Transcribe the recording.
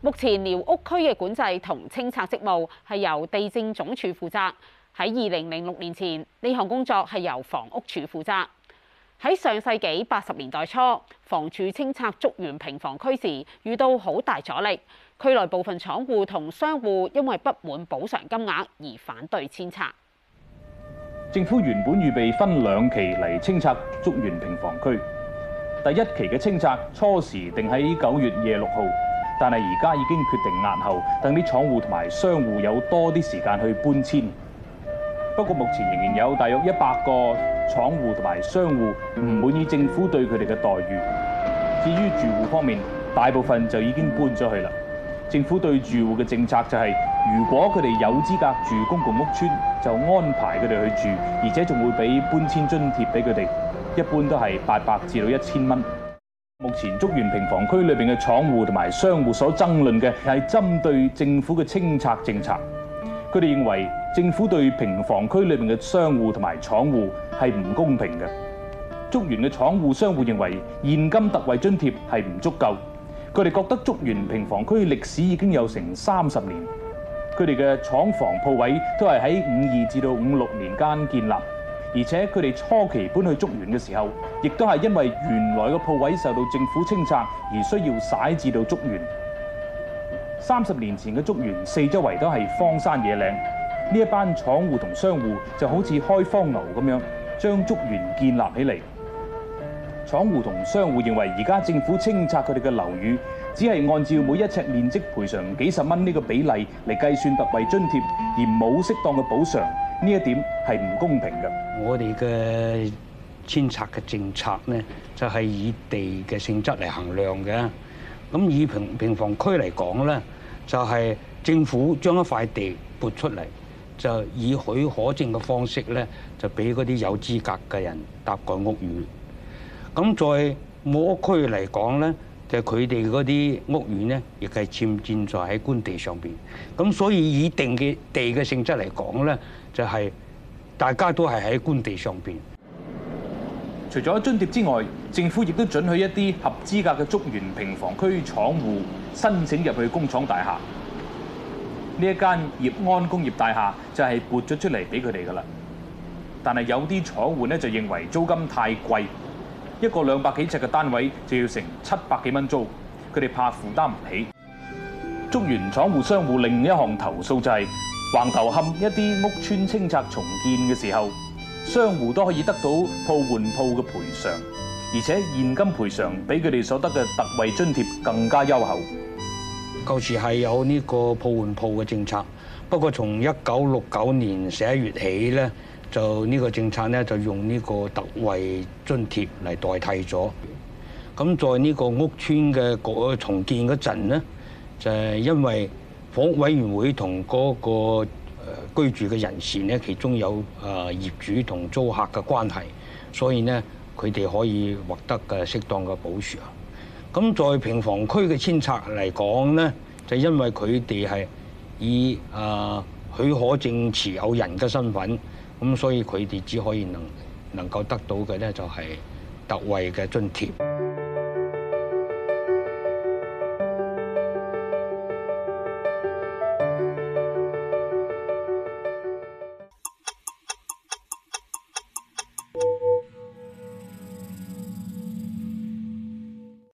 目前寮屋區嘅管制同清拆職務係由地政總署負責。喺二零零六年前，呢項工作係由房屋署負責。喺上世紀八十年代初，房署清拆竹園平房區時，遇到好大阻力。區內部分廠戶同商戶因為不滿補償金額而反對遷拆。政府原本預備分兩期嚟清拆竹園平房區，第一期嘅清拆初時定喺九月廿六號。但係而家已經決定押後，等啲廠戶同埋商戶有多啲時間去搬遷。不過目前仍然有大約一百個廠戶同埋商戶唔滿意政府對佢哋嘅待遇。至於住戶方面，大部分就已經搬咗去啦。政府對住戶嘅政策就係，如果佢哋有資格住公共屋邨，就安排佢哋去住，而且仲會俾搬遷津貼俾佢哋，一般都係八百至到一千蚊。目前竹園平房區裡邊嘅廠戶同埋商戶所爭論嘅係針對政府嘅清拆政策。而且佢哋初期搬去竹園嘅時候，亦都係因為原來嘅鋪位受到政府清拆而需要徙置到竹園。三十年前嘅竹園四周圍都係荒山野嶺，呢一班廠戶同商戶就好似開荒牛咁樣，將竹園建立起嚟。廠戶同商戶認為，而家政府清拆佢哋嘅樓宇，只係按照每一尺面積賠償幾十蚊呢個比例嚟計算特惠津貼，而冇適當嘅補償。呢一點係唔公平嘅。我哋嘅遷拆嘅政策呢，就係以地嘅性質嚟衡量嘅。咁以平平房區嚟講呢，就係政府將一塊地撥出嚟，就以許可證嘅方式呢，就俾嗰啲有資格嘅人搭蓋屋宇。咁在木屋區嚟講呢，就佢哋嗰啲屋苑呢，亦係佔佔在喺官地上邊，咁所以以定嘅地嘅性質嚟講呢，就係大家都係喺官地上邊。除咗津貼之外，政府亦都准許一啲合資格嘅竹園平房區廠戶申請入去工廠大廈。呢一間業安工業大廈就係撥咗出嚟俾佢哋噶啦，但係有啲廠戶呢，就認為租金太貴。一個兩百幾尺嘅單位就要成七百幾蚊租，佢哋怕負擔唔起。竹園廠戶、商戶另一項投訴就係、是、橫頭磡一啲屋邨清拆重建嘅時候，商戶都可以得到鋪換鋪嘅賠償，而且現金賠償比佢哋所得嘅特惠津貼更加優厚。舊時係有呢個鋪換鋪嘅政策，不過從一九六九年十一月起呢。就呢個政策咧，就用呢個特惠津貼嚟代替咗。咁在呢個屋村嘅重建嗰陣咧，就係因為房屋委員會同嗰個居住嘅人士呢，其中有啊業主同租客嘅關係，所以呢，佢哋可以獲得嘅適當嘅補償。咁在平房區嘅遷拆嚟講呢，就因為佢哋係以啊許可證持有人嘅身份。咁所以佢哋只可以能能夠得到嘅咧，就係特惠嘅津貼。